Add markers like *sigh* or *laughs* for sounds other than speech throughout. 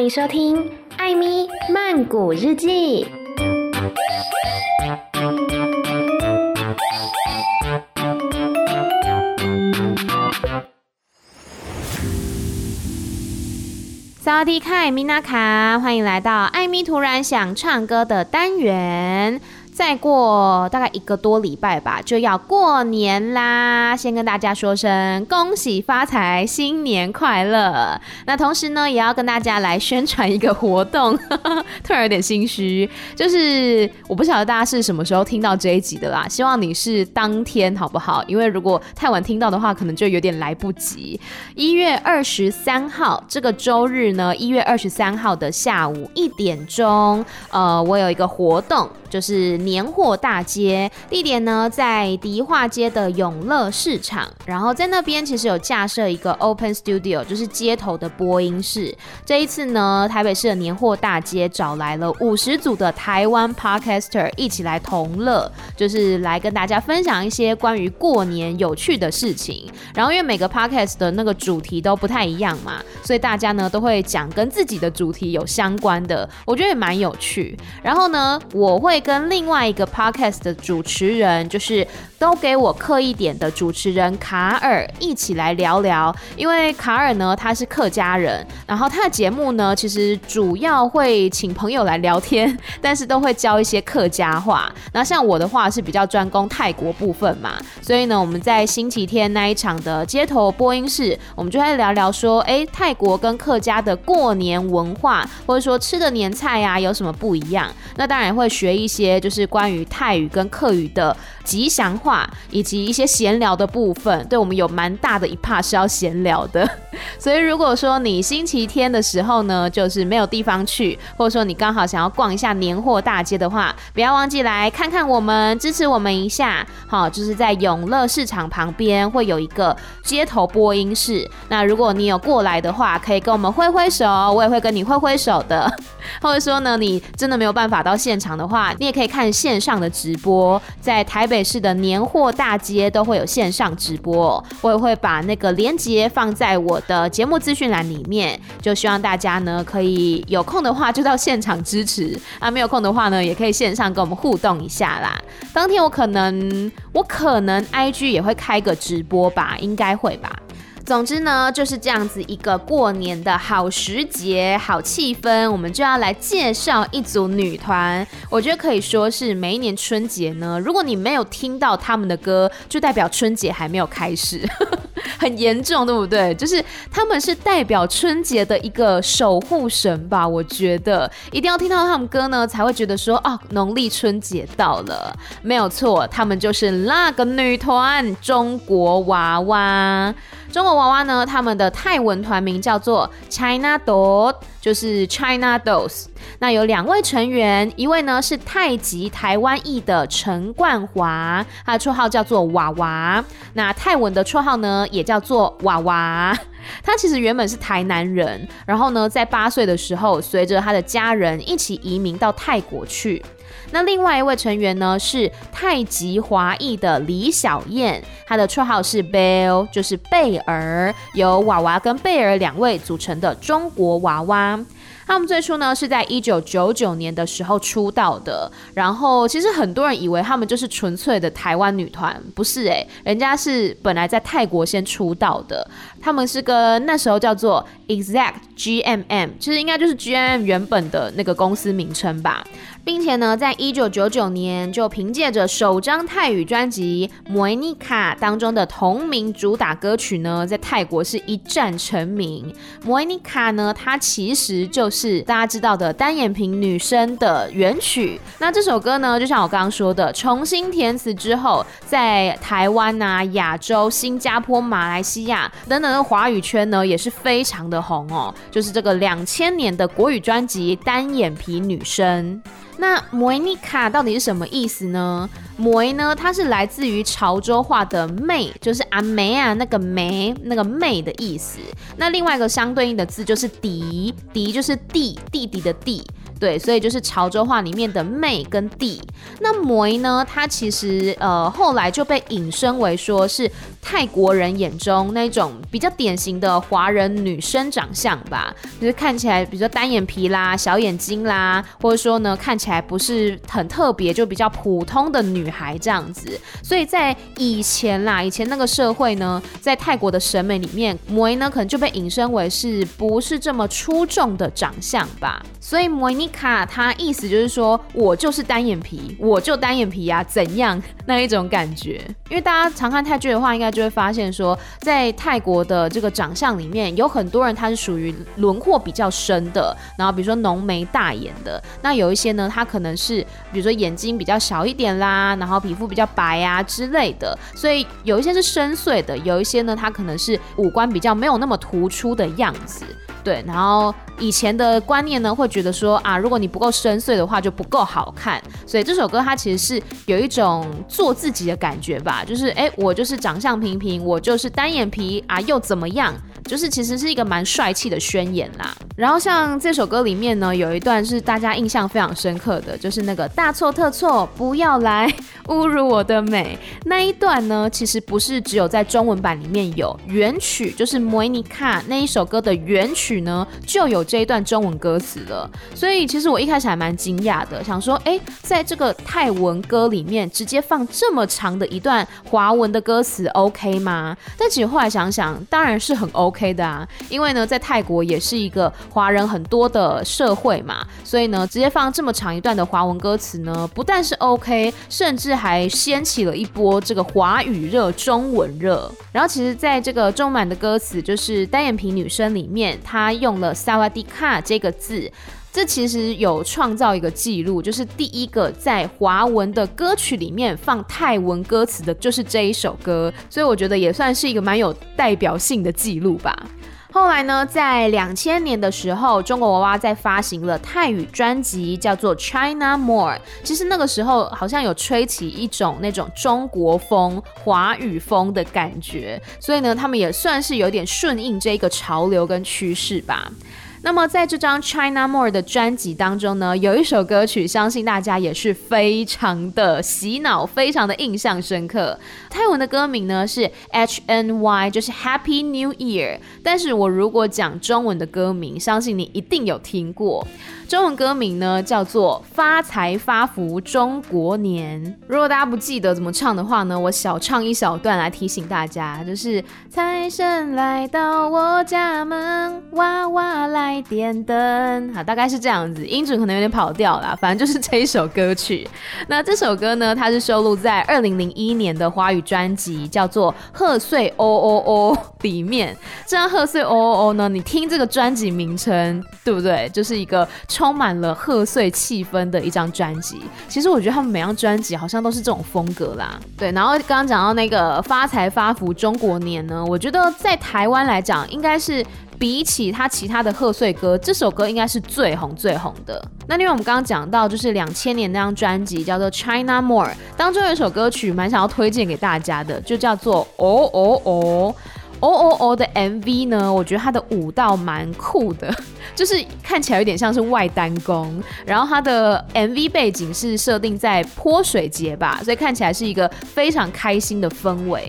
歡迎收聽《艾咪曼谷日記》。早安，親愛的艾咪娜卡，歡迎來到艾咪突然想唱歌的單元。再過大概一個多禮拜吧，就要過年啦！先跟大家說聲恭喜發財，新年快樂。那同時呢，也要跟大家來宣傳一個活動，呵呵，突然有點心虛。就是我不曉得大家是什麼時候聽到這一集的啦，希望你是當天好不好？因為如果太晚聽到的話，可能就有點來不及。一月二十三號這個周日呢，一月二十三號的下午一點鐘，呃，我有一個活動。就是年貨大街，地點呢在迪化街的永樂市場，然後在那邊其實有架設一個 Open Studio，就是街頭的播音室。這一次呢，台北市的年貨大街找來了五十組的台灣 Podcaster 一起來同樂，就是來跟大家分享一些關於過年有趣的事情。然後因為每個 Podcast 的那個主題都不太一樣嘛，所以大家呢都會講跟自己的主題有相關的，我覺得也蠻有趣。然後呢，我會。跟另外一個 podcast 的主持人，就是，都給我客一點的主持人卡爾一起來聊聊，因為卡爾呢，他是客家人，然後他的節目呢，其實主要會請朋友來聊天，但是都會教一些客家話。那像我的話是比較專攻泰國部分嘛，所以呢我們在星期天那一場的街頭播音室，我們就會聊聊說，哎、欸，泰國跟客家的過年文化，或者說吃的年菜啊，有什麼不一樣？那當然會學一些就是關於泰語跟客語的吉祥話。以及一些閒聊的部分，對我們有蠻大的一 part 是要閒聊的。 *laughs* 所以如果說你星期天的時候呢，就是沒有地方去，或者說你剛好想要逛一下年貨大街的話，不要忘記來看看我們，支持我們一下。好，就是在永樂市場旁邊會有一個街頭播音室。那如果你有過來的話，可以跟我們揮揮手，我也會跟你揮揮手的。 *laughs* 或者說呢，你真的沒有辦法到現場的話，你也可以看線上的直播，在台北市的年。年貨大街都會有線上直播，我也會把那個鏈接放在我的節目資訊欄裡面，就希望大家呢可以有空的話就到現場支持啊，沒有空的話呢也可以線上跟我們互動一下啦。當天我可能我可能 IG 也會開個直播吧，應該會吧。總之呢，就是這樣子一個過年的好時節，好氣氛，我們就要來介紹一組女團。我覺得可以說是每一年春節呢，如果你沒有聽到他們的歌，就代表春節還沒有開始， *laughs* 很嚴重，對不對？就是他們是代表春節的一個守護神吧。我覺得一定要聽到他們歌呢，才會覺得說哦，農曆春節到了，沒有錯，他們就是那個女團——中國娃娃。中國娃娃呢？他們的泰文團名叫做 China Dolls，就是 China Dolls。那有兩位成員，一位呢是泰籍台灣裔的陳冠華，他的綽號叫做娃娃。那泰文的綽號呢也叫做娃娃。他其實原本是台南人，然後呢在八歲的時候，隨着他的家人一起移民到泰國去。那另外一位成員呢是泰籍華裔的李小燕，她的綽號是 Bell，就是貝兒，由娃娃跟貝兒兩位組成的中國娃娃。他們最初呢是在一九九九年的時候出道的，然後其實很多人以為他們就是純粹的台灣女團，不是誒、欸，人家是本來在泰國先出道的。他們是跟那時候叫做 Exact GMM，其實應該就是，是 GMM 原本的那個公司名稱吧，並且呢，在一九九九年就憑借着首張泰語專輯《莫妮卡》當中的同名主打歌曲呢，在泰國是一戰成名。莫妮卡呢，她其實就是大家知道的單眼皮女生的原曲。那這首歌呢，就像我剛剛說的，重新填詞之後，在台灣啊、亞洲、新加坡、馬來西亞等等。華語圈呢也是非常的紅哦，就是這個兩千年的國語專輯《單眼皮女生》。那 m 妮卡到底是什麼意思呢？m 呢，它是來自於潮州話的妹，就是阿梅啊，那個妹，那個妹的意思。那另外一個相對應的字就是弟弟，就是弟，就是弟弟弟的弟。對，所以就是潮州話裡面的妹跟弟，那摩呢？她其實呃後來就被引申為說是泰國人眼中那種比較典型的華人女生長相吧，就是看起來比如說單眼皮啦、小眼睛啦，或者說呢看起來不是很特別，就比較普通的女孩這樣子。所以在以前啦，以前那個社會呢，在泰國的審美裡面，摩呢可能就被引申為是不是這麼出眾的長相吧？所以摩尼。卡他意思就是說，我就是單眼皮，我就單眼皮啊，怎樣？那一種感覺。因為大家常看泰劇的話，應該就會發現說，在泰國的這個長相裡面，有很多人他是屬於輪廓比較深的，然後比如說濃眉大眼的，那有一些呢，他可能是比如說眼睛比較小一點啦，然後皮膚比較白啊之類的，所以有一些是深邃的，有一些呢，他可能是五官比較沒有那麼突出的樣子。對，然後以前的觀念呢，會覺得說啊，如果你不夠深邃的話，就不夠好看。所以這首歌它其實是有一種做自己的感覺吧，就是哎，我就是長相平平，我就是單眼皮啊，又怎麼樣？就是其實是一個蠻帥氣的宣言啦。然後像這首歌裡面呢，有一段是大家印象非常深刻的，就是那個大錯特錯，不要來侮辱我的美那一段呢。其實不是只有在中文版裡面有原曲，就是莫妮卡那一首歌的原曲呢，就有這一段中文歌詞了。所以其實我一開始還蠻驚訝的，想說，哎、欸，在這個泰文歌裡面直接放這麼長的一段華文的歌詞，OK 嗎？但其實後來想想，當然是很 OK。K 的啊，因為呢，在泰國也是一個華人很多的社會嘛，所以呢，直接放這麼長一段的華文歌詞呢，不但是 OK，甚至還掀起了一波這個華語熱、中文熱。然後，其實在這個中滿的歌詞就是《單眼皮女生》裡面，她用了薩瓦迪卡這個字。這其實有創造一個記錄，就是第一個在華文的歌曲裡面放泰文歌詞的就是這一首歌，所以我覺得也算是一個蠻有代表性的記錄吧。後來呢，在兩千年的時候，中國娃娃在發行了泰語專輯，叫做《China More》。其實那個時候好像有吹起一種那種中國風、華語風的感覺，所以呢，他們也算是有點順應這一個潮流跟趨勢吧。那麼在這張 China More 的專輯當中呢，有一首歌曲，相信大家也是非常的洗腦，非常的印象深刻。泰文的歌名呢是 H.N.Y，就是 Happy New Year。但是我如果講中文的歌名，相信你一定有聽過。中文歌名呢叫做發財發福中國年。如果大家不記得怎麼唱的話呢，我小唱一小段來提醒大家，就是財神來到我家門，娃娃來。開電燈，好，大概是這樣子，音準可能有點跑調啦，反正就是這一首歌曲。那這首歌呢，它是收錄在二零零一年的華語專輯，叫做《賀歲哦哦哦》裡面。這張《賀歲哦哦哦》呢，你聽這個專輯名稱，對不對？就是一個充滿了賀歲氣氛的一張專輯。其實我覺得他們每張專輯好像都是這種風格啦。對，然後剛剛講到那個發財發福中國年呢，我覺得在台灣來講，應該是。比起他其他的賀歲歌，這首歌應該是最紅最紅的。那因為我們剛剛講到，就是兩千年那張專輯叫做《China More》，當中有一首歌曲蠻想要推薦給大家的，就叫做《哦哦哦哦哦哦》oh oh oh 的 MV 呢，我覺得他的舞蹈蠻酷的，就是看起來有點像是外丹功。然後他的 MV 背景是設定在潑水節吧，所以看起來是一個非常開心的氛圍。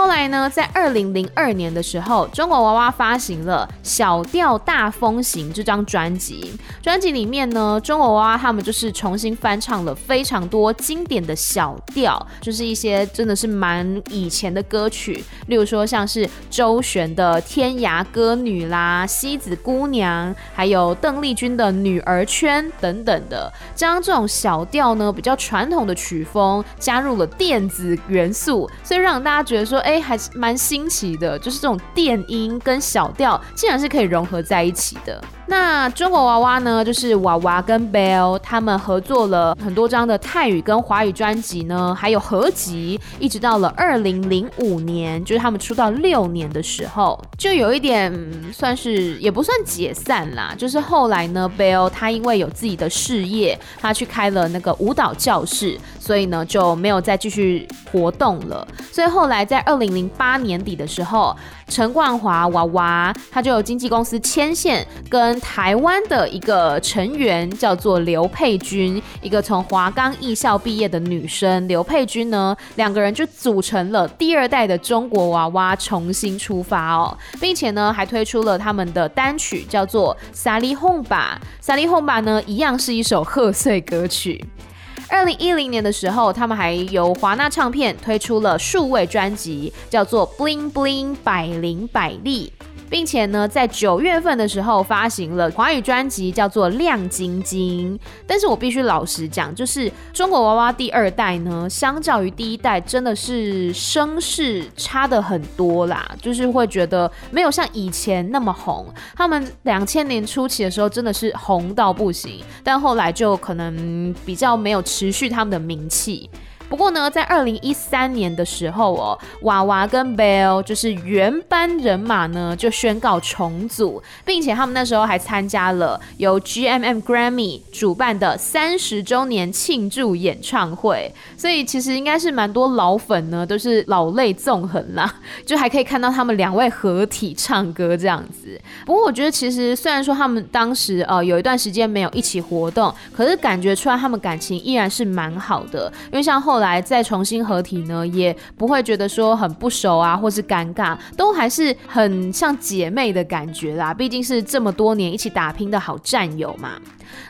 後來呢，在二零零二年的時候，中國娃娃發行了《小調大風行》這張專輯。專輯裡面呢，中國娃娃他們就是重新翻唱了非常多經典的小調，就是一些真的是蠻以前的歌曲，例如說像是周璇的《天涯歌女》啦、西子姑娘，還有鄧麗君的《女兒圈》等等的。將這，這種小調呢，比較傳統的曲風加入了電子元素，所以讓大家覺得說。誒，還是蠻新奇的，就是這種電音跟小調竟然是可以融合在一起的。那中國娃娃呢，就是娃娃跟 Bell 他們合作了很多張的泰語跟華語專輯呢，還有合集，一直到了二零零五年，就是他們出道六年的時候，就有一點，嗯，算是也不算解散啦。就是後來呢，Bell 他因為有自己的事業，他去開了那個舞蹈教室，所以呢就沒有再繼續活動了。最後來，在二零零八年底的時候，陳冠華娃娃他就有經紀公司牽線，跟台灣的一個成員叫做劉佩君，一個從華岡藝校畢業的女生劉佩君呢，兩個人就組成了第二代的中國娃娃，重新出發哦、喔，並且呢還推出了他們的單曲叫做《薩利紅吧》，《薩利紅吧》呢一樣是一首賀歲歌曲。二零一零年的時候，他們還由華納唱片推出了數位專輯，叫做《Bling Bling》百靈百麗。並且呢，在九月份的時候發行了華語專輯，叫做《亮晶晶》。但是我必須老實講，就是中國娃娃第二代呢，相較於第一代，真的是聲勢差得很多啦，就是會覺得沒有像以前那麼紅。他們兩千年初期的時候真的是紅到不行，但後來就可能比較沒有持續他們的名氣。不過呢，在二零一三年的時候哦，娃娃跟 Bell 就是原班人馬呢，就宣告重組，並且他們那時候還參加了由 GMM Grammy 主辦的三十周年慶祝演唱會。所以其實應該是蠻多老粉呢，都、就是老淚縱橫啦，就還可以看到他們兩位合體唱歌這樣子。不過我覺得，其實雖然說他們當時呃有一段時間沒有一起活動，可是感覺出來他們感情依然是蠻好的，因為像後後來再重新合體呢，也不會覺得說很不熟啊，或是尷尬，都還是很像姐妹的感覺啦。畢竟是這麼多年一起打拼的好戰友嘛。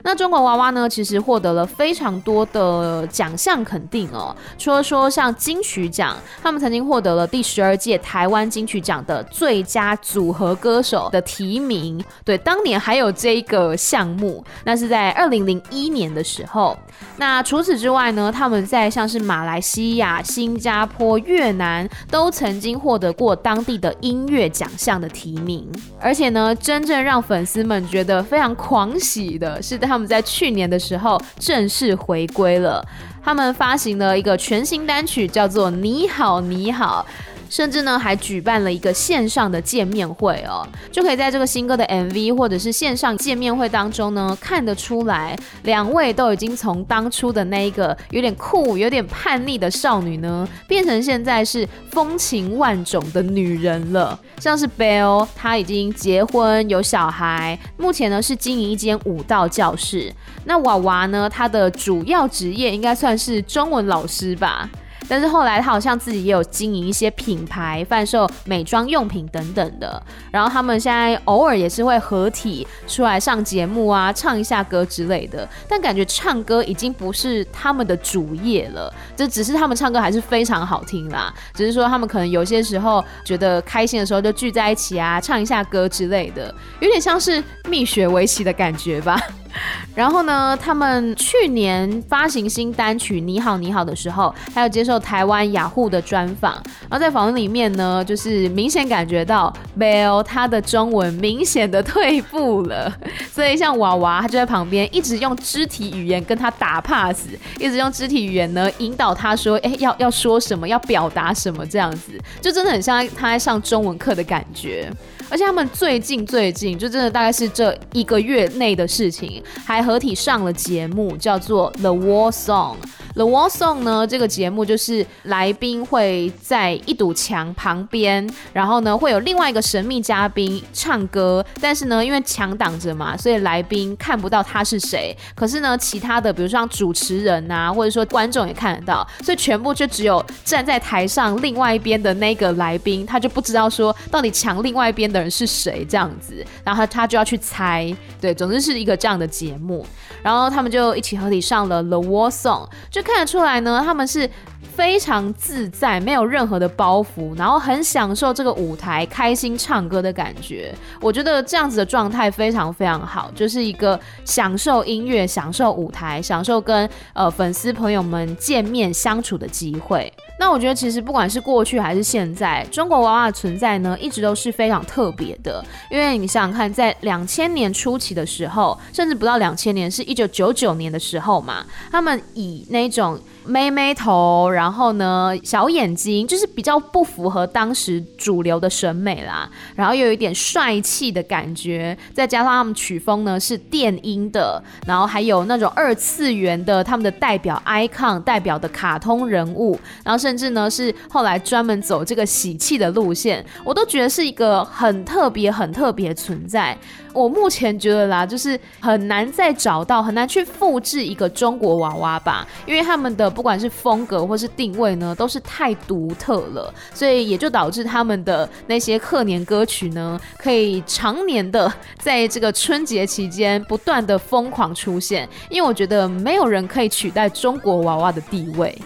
那中國娃娃呢，其實獲得了非常多的獎項肯定哦。除了說像金曲獎，他們曾經獲得了第十二屆台灣金曲獎的最佳組合歌手的提名。對，當年還有這個項目，那是在二零零一年的時候。那除此之外呢，他們在像是馬來西亞、新加坡、越南都曾經獲得過當地的音樂獎項的提名。而且呢，真正讓粉絲們覺得非常狂喜的。是他們在去年的時候正式回歸了，他們發行了一個全新單曲，叫做《你好，你好》。甚至呢，還舉辦了一個線上的見面會哦，就可以在這個新歌的 MV 或者是線上見面會當中呢，看得出來，兩位都已經從當初的那一個有點酷、有點叛逆的少女呢，變成現在是風情萬種的女人了。像是 Belle，她已經結婚有小孩，目前呢是經營一間舞蹈教室。那娃娃呢，她的主要職業應該算是中文老師吧。但是後來他好像自己也有經營一些品牌販售美妝用品等等的，然後他們現在偶爾也是會合體出來上節目啊，唱一下歌之類的。但感覺唱歌已經不是他們的主業了，這只是他們唱歌還是非常好聽啦。只、就是說他們可能有些時候覺得開心的時候就聚在一起啊，唱一下歌之類的，有點像是蜜雪薇琪的感覺吧。 *laughs* 然後呢，他們去年發行新單曲《你好，你好》的時候，還有接受台灣雅護的專訪，然後在訪子裡面呢，就是明顯感覺到 Belle 的中文明顯的退步了，所以像娃娃他就在旁邊一直用肢體語言跟他打 pass，一直用肢體語言呢引導他說，哎、欸，要要說什麼，要表達什麼這樣子，就真的很像他在上中文課的感覺。而且他們最近最近就真的大概是這一個月內的事情，還合體上了節目，叫做 The War Song，The Wall Song 呢，這個節目就是來賓會在一堵牆旁邊，然後呢會有另外一個神秘嘉賓唱歌，但是呢因為牆擋着嘛，所以來賓看不到他是誰。可是呢其他的，比如說像主持人啊，或者說觀眾也看得到，所以全部就只有站在台上另外一邊的那個來賓，他就不知道說到底牆另外一邊的人是誰這樣子，然後他他就要去猜。對，總之是一個這樣的節目。然後他們就一起合體上了《The Wall Song》，就看得出來呢，他們是非常自在，沒有任何的包袱，然後很享受這個舞台、開心唱歌的感覺。我覺得這樣子的狀態非常非常好，就是一個享受音樂、享受舞台、享受跟呃粉絲朋友們見面相處的機會。那我覺得其實不管是過去還是現在，中國娃娃的存在呢，一直都是非常特別的。因為你想想看，在兩千年初期的時候，甚至不到兩千年，是一九九九年的時候嘛，他們以那種妹妹頭，然後呢小眼睛，就是比較不符合當時主流的審美啦，然後又有一點帥氣的感覺，再加上他們曲風呢是電音的，然後還有那種二次元的他們的代表 icon 代表的卡通人物，然後是。甚至呢，是後來專門走這個喜氣的路線，我都覺得是一個很特別、很特別的存在。我目前覺得啦，就是很難再找到，很難去複製一個中國娃娃吧，因為他們的不管是風格或是定位呢，都是太獨特了，所以也就導致他們的那些賀年歌曲呢，可以常年的在這個春節期間不斷的瘋狂出現。因為我覺得沒有人可以取代中國娃娃的地位。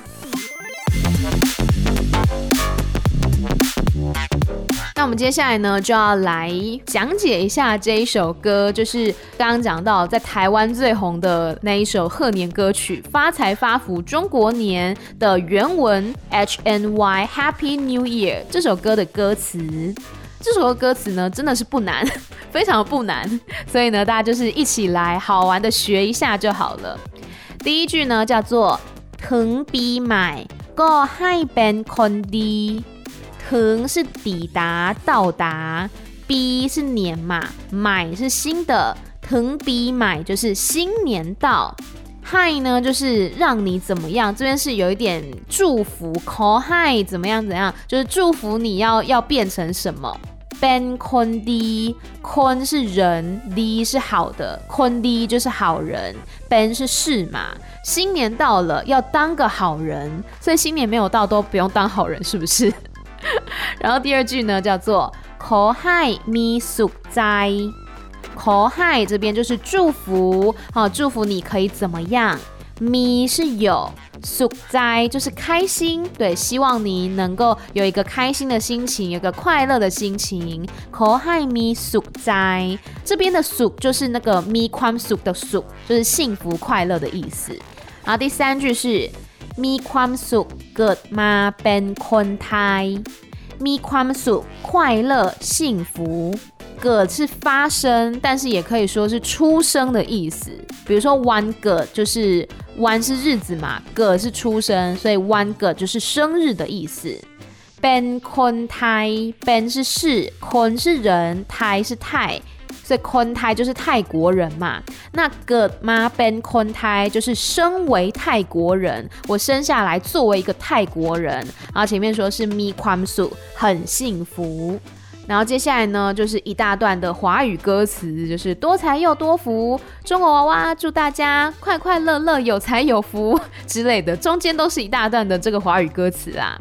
我們接下來呢，就要來講解一下這一首歌，就是剛剛講到在台灣最紅的那一首賀年歌曲《發財發福中國年》的原文 HNY Happy New Year 這首歌的歌詞。這首歌歌詞呢，真的是不難，非常不難，所以呢，大家就是一起來好玩的學一下就好了。第一句呢，叫做“ be my go hi ben condy 騰是抵達到達，B 是年嘛，買是新的，騰 B 買就是新年到。Hi 呢就是讓你怎麼樣，這邊是有一點祝福，call Hi 怎麼樣怎樣，就是祝福你要要變成什麼。Ben 坤迪，坤是人，d 是好的，坤 d 就是好人。Ben 是事嘛，新年到了要當個好人，所以新年沒有到都不用當好人，是不是？然後第二句呢，叫做口嗨咪素哉，口嗨這邊就是祝福，好、啊、祝福你可以怎麼樣？咪是有，素哉就是開心，對，希望你能夠有一個開心的心情，有一個快樂的心情。口嗨咪素哉，這邊的素就是那個咪框素的素，就是幸福快樂的意思。然後第三句是咪框素 get ma ben kun tai。mi kamsu 快樂幸福 ge 是發生，但是也可以說是出生的意思。比如說 one ge 就是 one、就是、是日子嘛 ge 是出生，所以 one ge 就是生日的意思。ben kon tai ben 是事，kon 是人，tai 是泰。坤泰就是泰國人嘛，那個媽 Ben 坤泰就是身為泰國人，我生下來作為一個泰國人，然後前面說是咪寬素很幸福，然後接下來呢就是一大段的華語歌詞，就是多財又多福，中國娃娃祝大家快快樂樂，有財有福之類的，中間都是一大段的這個華語歌詞啊。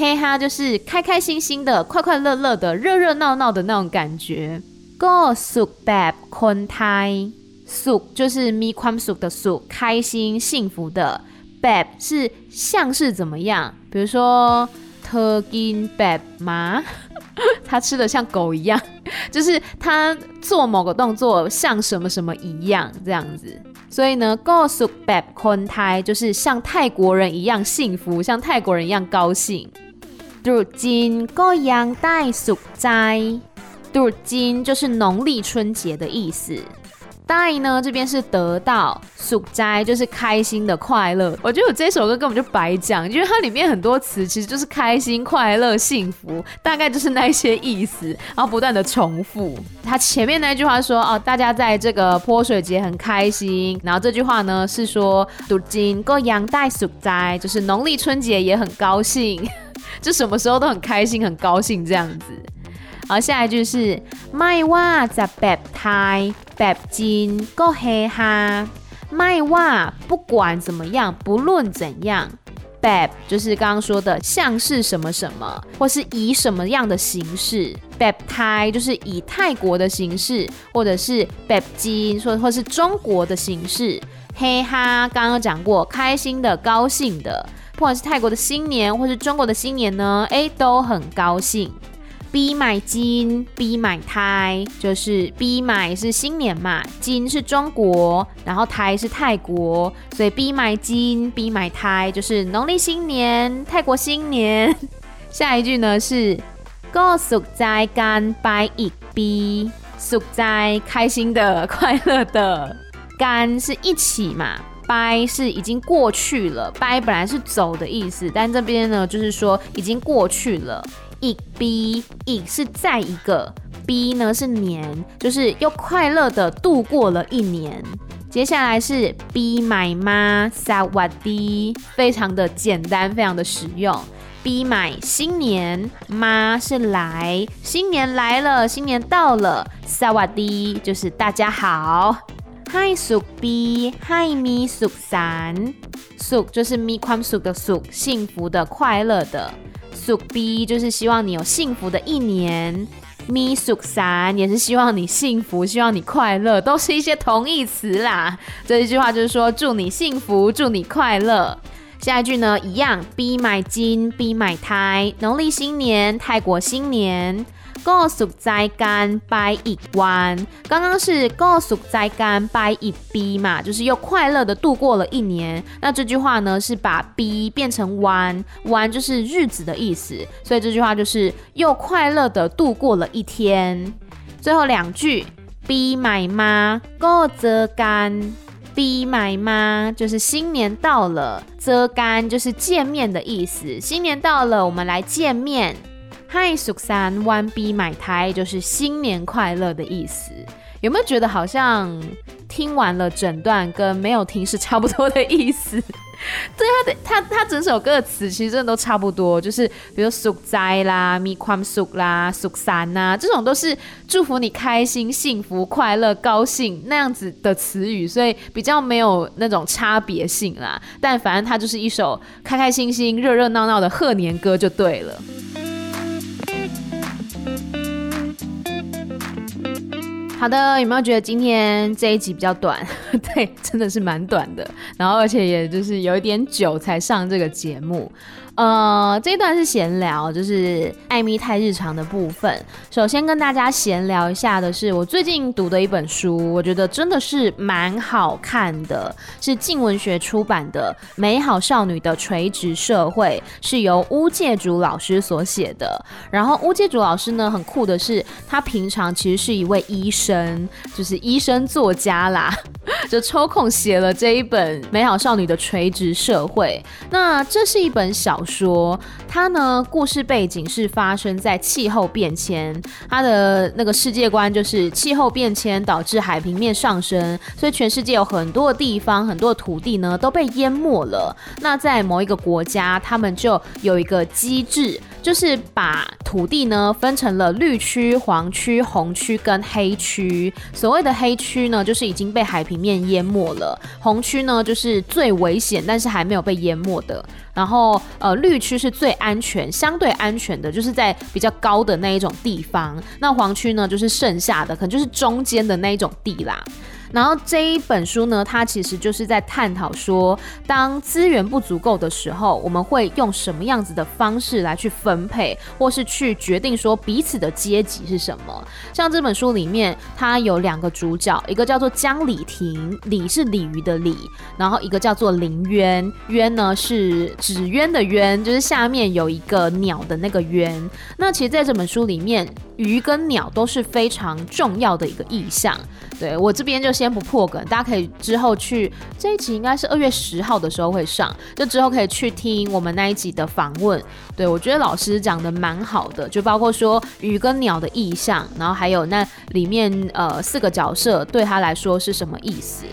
嘿哈，hey、ha, 就是開開心心的，快快樂樂的，熱熱鬧鬧的那種感覺。Go suk、so ok、bab khun thai suk、so ok, 就是 mi khun suk 的 suk，開心幸福的。bab 是像是怎麼樣？比如說 turkin bab 嗎？ *laughs* 他吃的像狗一樣，就是他做某個動作像什麼什麼一樣這樣子。所以呢，go suk、so ok、bab khun thai 就是像泰國人一樣幸福，像泰國人一樣高興。兔金過羊帶，鼠齋，兔金就是農曆春節的意思。帶呢這邊是得到，鼠齋就是開心的快樂。我覺得我這首歌根本就白講，因為它裡面很多詞其實就是開心、快樂、幸福，大概就是那些意思，然後不斷的重複。它前面那句話說哦，大家在這個潑水節很開心，然後這句話呢是說兔金過羊帶，鼠齋，就是農曆春節也很高興。就什麼時候都很開心、很高興這樣子。好，下一句是賣襪子，拜泰拜金，夠黑哈。賣襪不管怎麼樣，不論怎樣，拜就是剛剛說的像是什麼什麼，或是以什麼樣的形式。拜泰就是以泰國的形式，或者是拜金說，或是中國的形式。黑哈，剛剛講過，開心的、高興的。不管是泰國的新年，或是中國的新年呢，哎，都很高興。B 買金，B 買胎，就是 B 買是新年嘛，金是中國，然後胎是泰國，所以 B 買金，B 買胎，就是農曆新年、泰國新年。 *laughs* 下一句呢是 Go suk zai gan by e b，suk z a 開心的、快樂的 g 是一起嘛。掰是已經過去了，掰本來是走的意思，但這邊呢就是說已經過去了。一 b 一是再一個 b 呢是年，就是又快樂的度過了一年。接下來是 b 買媽撒瓦迪，非常的簡單，非常的實用。b 買新年，媽是來，新年來了，新年到了，撒瓦迪就是大家好。嗨 Sukbi，嗨 Mi Suksan。Suk 就是 Mi Kwam Suk 的 Suk，幸福的、快樂的。Sukbi 就是希望你有幸福的一年。Mi Suksan 也是希望你幸福，希望你快樂，都是一些同義詞啦。 *laughs* 這一句話就是說祝你幸福，祝你快樂。 *laughs* 下一句呢一樣，Pi Mai Jin，Pi Mai Thai。農曆新年，泰國新年。告樹在干掰一彎，剛剛是告樹在干掰一 B 嘛，就是又快樂的度過了一年。那這句話呢，是把 B 變成彎，彎就是日子的意思，所以這句話就是又快樂的度過了一天。最後兩句，逼買嗎，過遮乾，逼買嗎，就是新年到了，遮乾就是見面的意思。新年到了，我們來見面。嗨 s 蘇三，One B 買胎就是新年快樂的意思。有沒有覺得好像聽完了整段跟沒有聽是差不多的意思？ *laughs* 對，他的他他整首歌的詞其實真的都差不多，就是比如蘇災啦、米寬蘇啦、蘇三啦，這種都是祝福你開心、幸福、快樂、高興那樣子的詞語，所以比較沒有那種差別性啦。但反正它就是一首開開心心、熱熱鬧鬧的賀年歌就對了。好的，有沒有覺得今天這一集比較短？ *laughs* 對，真的是蠻短的。然後而且也就是有一點久才上這個節目。呃，這一段是閒聊，就是艾咪泰日常的部分。首先跟大家閒聊一下的是，我最近讀的一本書，我覺得真的是蠻好看的，是鏡文學出版的《美好少女的垂直社會》，是由巫界主老師所寫的。然後巫界主老師呢，很酷的是，他平常其實是一位醫生，就是醫生作家啦，就抽空寫了這一本《美好少女的垂直社會》。那這是一本小說。說他呢，故事背景是發生在氣候變遷，他的那個世界觀就是氣候變遷導致海平面上升，所以全世界有很多的地方，很多的土地呢都被淹沒了。那在某一個國家，他們就有一個機制。就是把土地呢分成了綠區、黃區、紅區跟黑區。所謂的黑區呢，就是已經被海平面淹沒了；紅區呢，就是最危險但是還沒有被淹沒的。然後呃，綠區是最安全、相對安全的，就是在比較高的那一種地方。那黃區呢，就是剩下的，可能就是中間的那一種地啦。然後這一本書呢，它其實就是在探討說，當資源不足夠的時候，我們會用什麼樣子的方式來去分配，或是去決定說彼此的階級是什麼。像這本書裡面，它有兩個主角，一個叫做江里亭，鯉是鯉魚的鯉，然後一個叫做林淵，淵呢是紙鳶的鳶，就是下面有一個鳥的那個淵。那其實在這本書裡面，魚跟鳥都是非常重要的一個意象。對，我這邊就先不破梗，大家可以之後去這一集應該是二月十號的時候會上，就之後可以去聽我們那一集的訪問。對，我覺得老師講得蠻好的，就包括說魚跟鳥的意象，然後還有那裡面呃四個角色對他來說是什麼意思。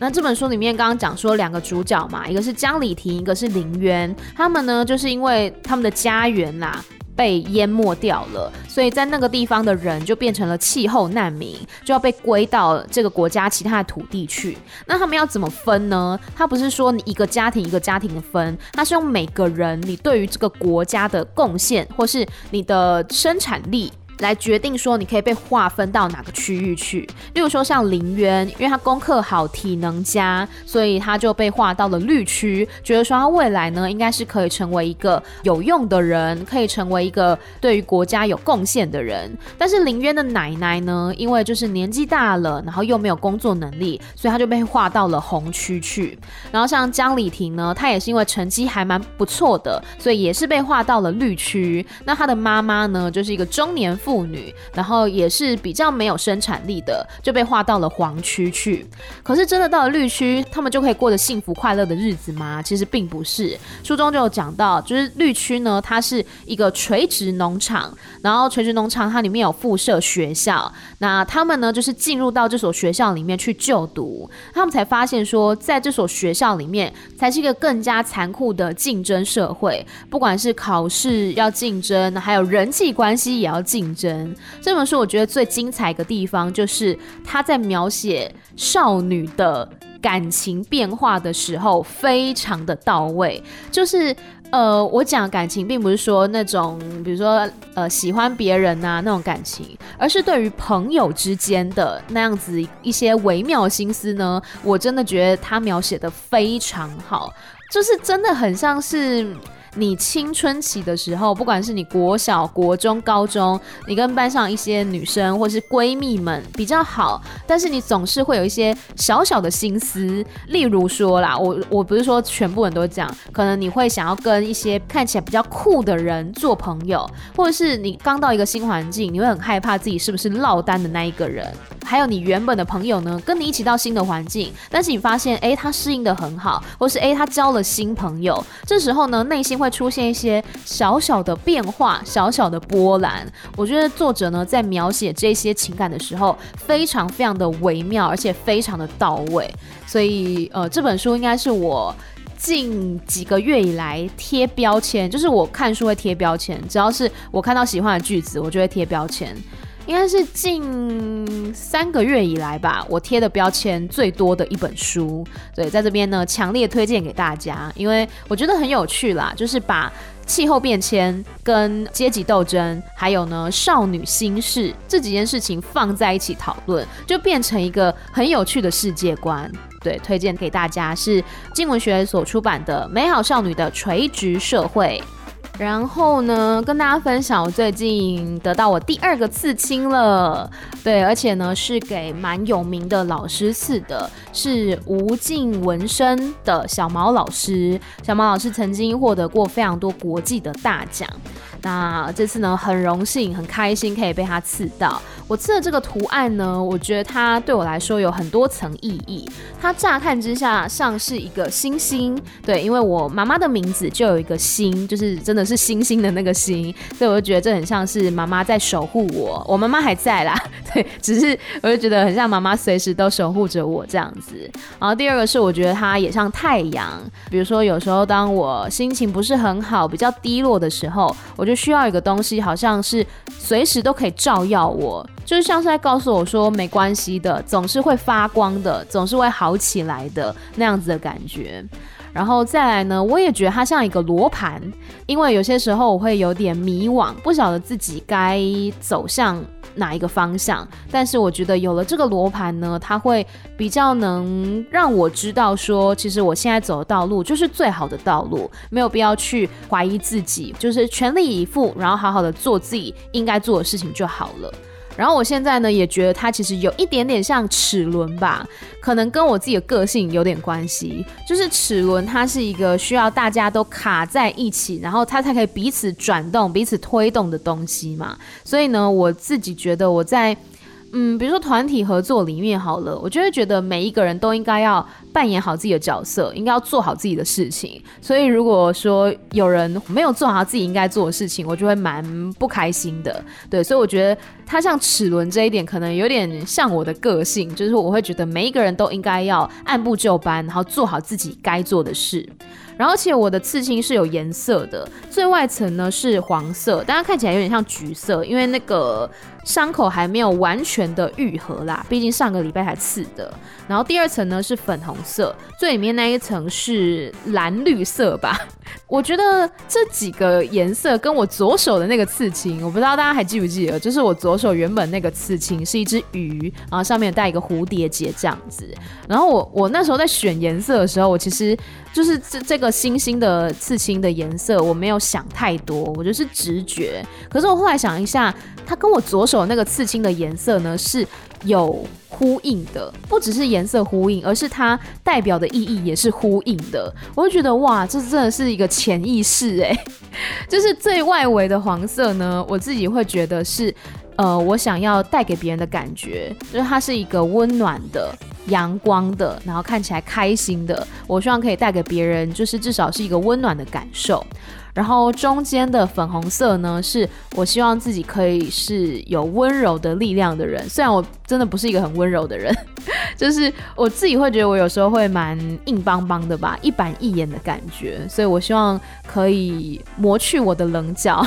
那這本書裡面剛剛講說兩個主角嘛，一個是江裡亭，一個是林淵。他們呢，就是因為他們的家園啦、啊、被淹沒掉了，所以在那個地方的人就變成了氣候難民，就要被歸到這個國家其他的土地去。那他們要怎麼分呢？他不是說你一個家庭一個家庭的分，他是用每個人你對於這個國家的貢獻，或是你的生產力。來決定說你可以被劃分到哪個區域去，例如說像林淵，因為他功課好，體能佳，所以他就被劃到了綠區，覺得說他未來呢，應該是可以成為一個有用的人，可以成為一個對於國家有貢獻的人。但是林淵的奶奶呢，因為就是年紀大了，然後又沒有工作能力，所以他就被劃到了紅區去。然後像江里婷呢，她也是因為成績還蠻不錯的，所以也是被劃到了綠區。那她的媽媽呢，就是一個中年婦。婦女，然後也是比較沒有生產力的，就被劃到了黃區去。可是真的到了綠區，他們就可以過得幸福快樂的日子嗎？其實並不是。書中就有講到，就是綠區呢，它是一個垂直農場，然後垂直農場它裡面有附設學校，那他們呢就是進入到這所學校裡面去就讀，他們才發現說，在這所學校裡面才是一個更加殘酷的競爭社會，不管是考試要競爭，還有人際關係也要競爭。人這本書，我覺得最精彩一個地方就是他在描寫少女的感情變化的時候，非常的到位。就是呃，我講感情，並不是說那種，比如說呃，喜歡別人吶，啊，那種感情，而是對於朋友之間的那樣子一些微妙心思呢，我真的覺得他描寫的非常好，就是真的很像是。你青春期的時候，不管是你國小、國中、高中，你跟班上一些女生或是閨蜜們比較好，但是你總是會有一些小小的心思，例如說啦，我我不是說全部人都這樣，可能你會想要跟一些看起來比較酷的人做朋友，或者是你剛到一個新環境，你會很害怕自己是不是落單的那一個人。還有你原本的朋友呢，跟你一起到新的環境，但是你發現，誒、欸，他適應得很好，或是誒、欸，他交了新朋友，這時候呢，內心會出現一些小小的變化，小小的波瀾。我覺得作者呢，在描寫這些情感的時候，非常非常的微妙，而且非常的到位。所以，呃，這本書應該是我近幾個月以來貼標籤，就是我看書會貼標籤，只要是我看到喜歡的句子，我就會貼標籤。應該是近三個月以來吧，我貼的標籤最多的一本書，對，在這邊呢，強烈推薦給大家，因為我覺得很有趣啦，就是把氣候變遷，跟階級鬥爭，還有呢，少女心事這幾件事情放在一起討論，就變成一個很有趣的世界觀。對，推薦給大家，是鏡文學所出版的《美好少女的垂直社會》。然後呢，跟大家分享，我最近得到我第二個刺青了，對，而且呢是給蠻有名的老師刺的，是無盡紋身的小毛老師。小毛老師曾經獲得過非常多國際的大獎。那這次呢，很榮幸、很開心可以被他刺到。我刺的這個圖案呢，我覺得它對我來說有很多層意義。它乍看之下像是一個星星，對，因為我媽媽的名字就有一個星，就是真的是星星的那個星，所以我就覺得這很像是媽媽在守護我。我媽媽還在啦，對，只是我就覺得很像媽媽隨時都守護着我這樣子。然後第二個是，我覺得它也像太陽。比如說有時候當我心情不是很好、比較低落的時候，我就。就需要一個東西，好像是隨時都可以照耀我，就是像是在告訴我說沒關係的，總是會發光的，總是會好起來的那樣子的感覺。然後再來呢，我也覺得它像一個羅盤，因為有些時候我會有點迷惘，不曉得自己該走向。哪一個方向。但是我覺得有了這個羅盤呢，它會比較能讓我知道說，說其實我現在走的道路就是最好的道路，沒有必要去懷疑自己，就是全力以赴，然後好好的做自己應該做的事情就好了。然後我現在呢，也覺得它其實有一點點像齒輪吧，可能跟我自己的個性有點關係。就是齒輪，它是一個需要大家都卡在一起，然後它才可以彼此轉動、彼此推動的東西嘛。所以呢，我自己覺得我在。嗯，比如說團體合作裡面好了，我就會覺得每一個人都應該要扮演好自己的角色，應該要做好自己的事情。所以如果說有人沒有做好自己應該做的事情，我就會蠻不開心的。對，所以我覺得他像齒輪這一點，可能有點像我的個性，就是我會覺得每一個人都應該要按部就班，然後做好自己該做的事。然後，而且我的刺青是有顏色的，最外層呢是黃色，但它看起來有點像橘色，因為那個傷口還沒有完全的愈合啦，畢竟上個禮拜才刺的。然後第二層呢是粉紅色，最裡面那一層是藍綠色吧？我覺得這幾個顏色跟我左手的那個刺青，我不知道大家還記不記得，就是我左手原本那個刺青是一隻魚，然後上面有帶一個蝴蝶結這樣子。然後我我那時候在選顏色的時候，我其實就是這這個星星的刺青的顏色我沒有想太多，我就是直覺。可是我後來想一下。它跟我左手那個刺青的顏色呢是有呼應的，不只是顏色呼應，而是它代表的意義也是呼應的。我就覺得哇，這真的是一個潛意識欸。 *laughs* 就是最外圍的黃色呢，我自己會覺得是呃，我想要帶給別人的感覺，就是它是一個溫暖的、陽光的，然後看起來開心的。我希望可以帶給別人，就是至少是一個溫暖的感受。然後中間的粉紅色呢，是我希望自己可以是有溫柔的力量的人。雖然我真的不是一個很溫柔的人，就是我自己會覺得我有時候會蠻硬邦邦的吧，一板一眼的感覺。所以我希望可以磨去我的稜角。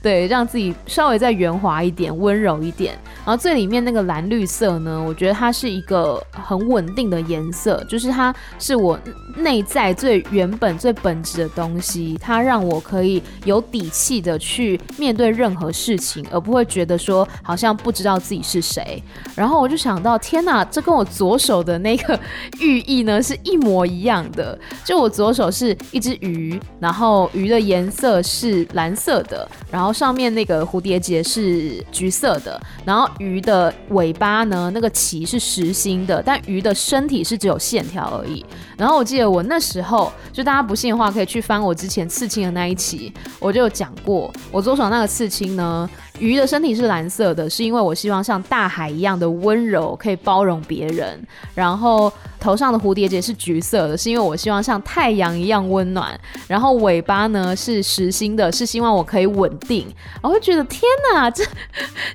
對，讓自己稍微再圓滑一點，溫柔一點。然後最裡面那個藍綠色呢，我覺得它是一個很穩定的顏色，就是它是我內在最原本、最本質的東西，它讓我可以有底氣的去面對任何事情，而不會覺得說好像不知道自己是誰。然後我就想到，天哪，這跟我左手的那個寓意呢是一模一樣的。就我左手是一隻魚，然後魚的顏色是藍色的，然後。然後上面那個蝴蝶結是橘色的，然後魚的尾巴呢，那個鰭是實心的，但魚的身體是只有線條而已。然後我記得我那時候，就大家不信的話，可以去翻我之前刺青的那一期，我就有講過，我左手那個刺青呢。魚的身體是藍色的，是因為我希望像大海一樣的溫柔，可以包容別人。然後頭上的蝴蝶結是橘色的，是因為我希望像太陽一樣溫暖。然後尾巴呢是實心的，是希望我可以穩定。哦，我會覺得天哪，這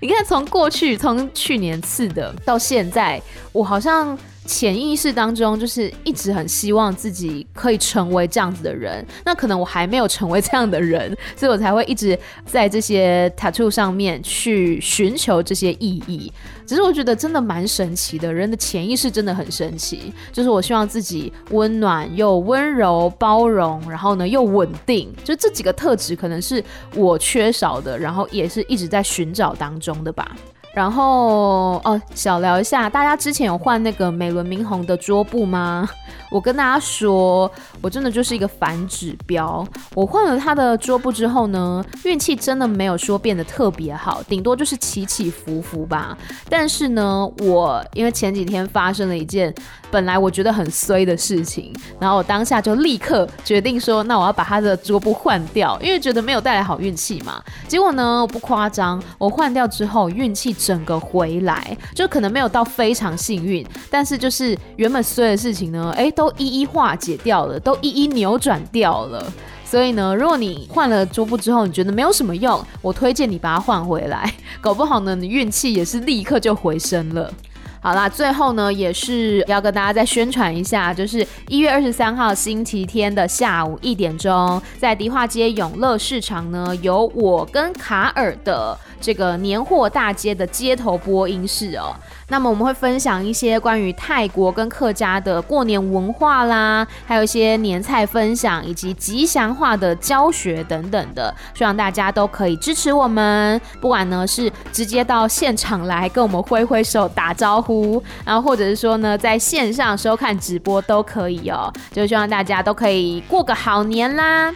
你看，從過去從去年刺的到現在，我好像。潛意識當中就是一直很希望自己可以成為這樣子的人，那可能我還沒有成為這樣的人，所以我才會一直在這些 tattoo 上面去尋求這些意義。只是我覺得真的蠻神奇的，人的潛意識真的很神奇。就是我希望自己溫暖又溫柔、包容，然後呢又穩定，就這幾個特質可能是我缺少的，然後也是一直在尋找當中的吧。然後哦，小聊一下，大家之前有換那個美輪明宏的桌布嗎？我跟大家說，我真的就是一個反指標。我換了他的桌布之後呢，運氣真的沒有說變得特別好，頂多就是起起伏伏吧。但是呢，我因為前幾天發生了一件。本來我覺得很衰的事情，然後我當下就立刻決定說，那我要把他的桌布換掉，因為覺得沒有帶來好運氣嘛。結果呢，我不誇張，我換掉之後運氣整個回來，就可能沒有到非常幸運，但是就是原本衰的事情呢，誒、欸，都一一化解掉了，都一一扭轉掉了。所以呢，如果你換了桌布之後你覺得沒有什麼用，我推薦你把它換回來，搞不好呢，你運氣也是立刻就回升了。好啦，最後呢，也是要跟大家再宣傳一下，就是一月二十三號星期天的下午一點鐘，在迪化街永樂市場呢，有我跟卡爾的。這個年貨大街的街頭播音室哦，那麼我們會分享一些關於泰國跟客家的過年文化啦，還有一些年菜分享，以及吉祥話的教學等等的，希望大家都可以支持我們，不管呢是直接到現場來跟我們揮揮手打招呼，然後或者是說呢在線上收看直播都可以哦，就希望大家都可以過個好年啦。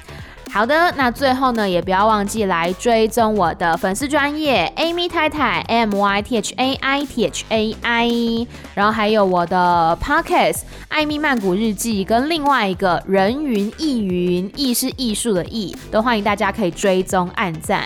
好的，那最後呢，也不要忘記來追蹤我的粉絲專業 Amy 太太 M Y T H A I T H A I，然後還有我的 Podcast《艾咪曼谷日記》跟另外一個人云藝云，藝是藝術的藝，都歡迎大家可以追蹤、按讚。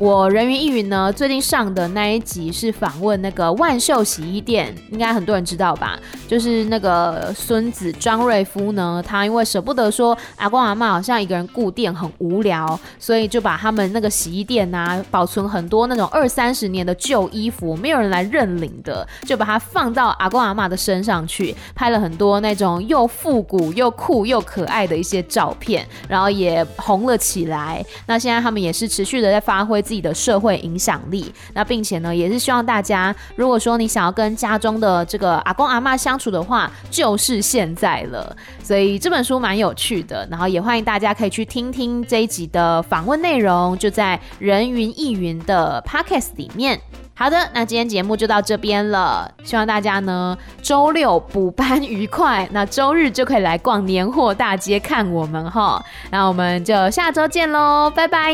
我人云藝云呢。最近上的那一集是訪問那個萬秀洗衣店，應該很多人知道吧？就是那個孫子張瑞夫呢，他因為捨不得說阿公阿嬤好像一個人顧店很無聊，所以就把他們那個洗衣店吶、啊、保存很多那種二三十年的舊衣服，沒有人來認領的，就把它放到阿公阿嬤的身上去，拍了很多那種又復古又酷又可愛的一些照片，然後也紅了起來。那現在他們也是持續的在發揮。自己的社會影響力，那並且呢，也是希望大家，如果說你想要跟家中的這個阿公阿嬤相處的話，就是現在了。所以這本書蠻有趣的，然後也歡迎大家可以去聽聽這一集的訪問內容，就在《人云藝云》的 Podcast 裡面。好的，那今天節目就到這邊了，希望大家呢周六補班愉快，那周日就可以來逛年貨大街看我們哈。那我們就下周見嘍，拜拜。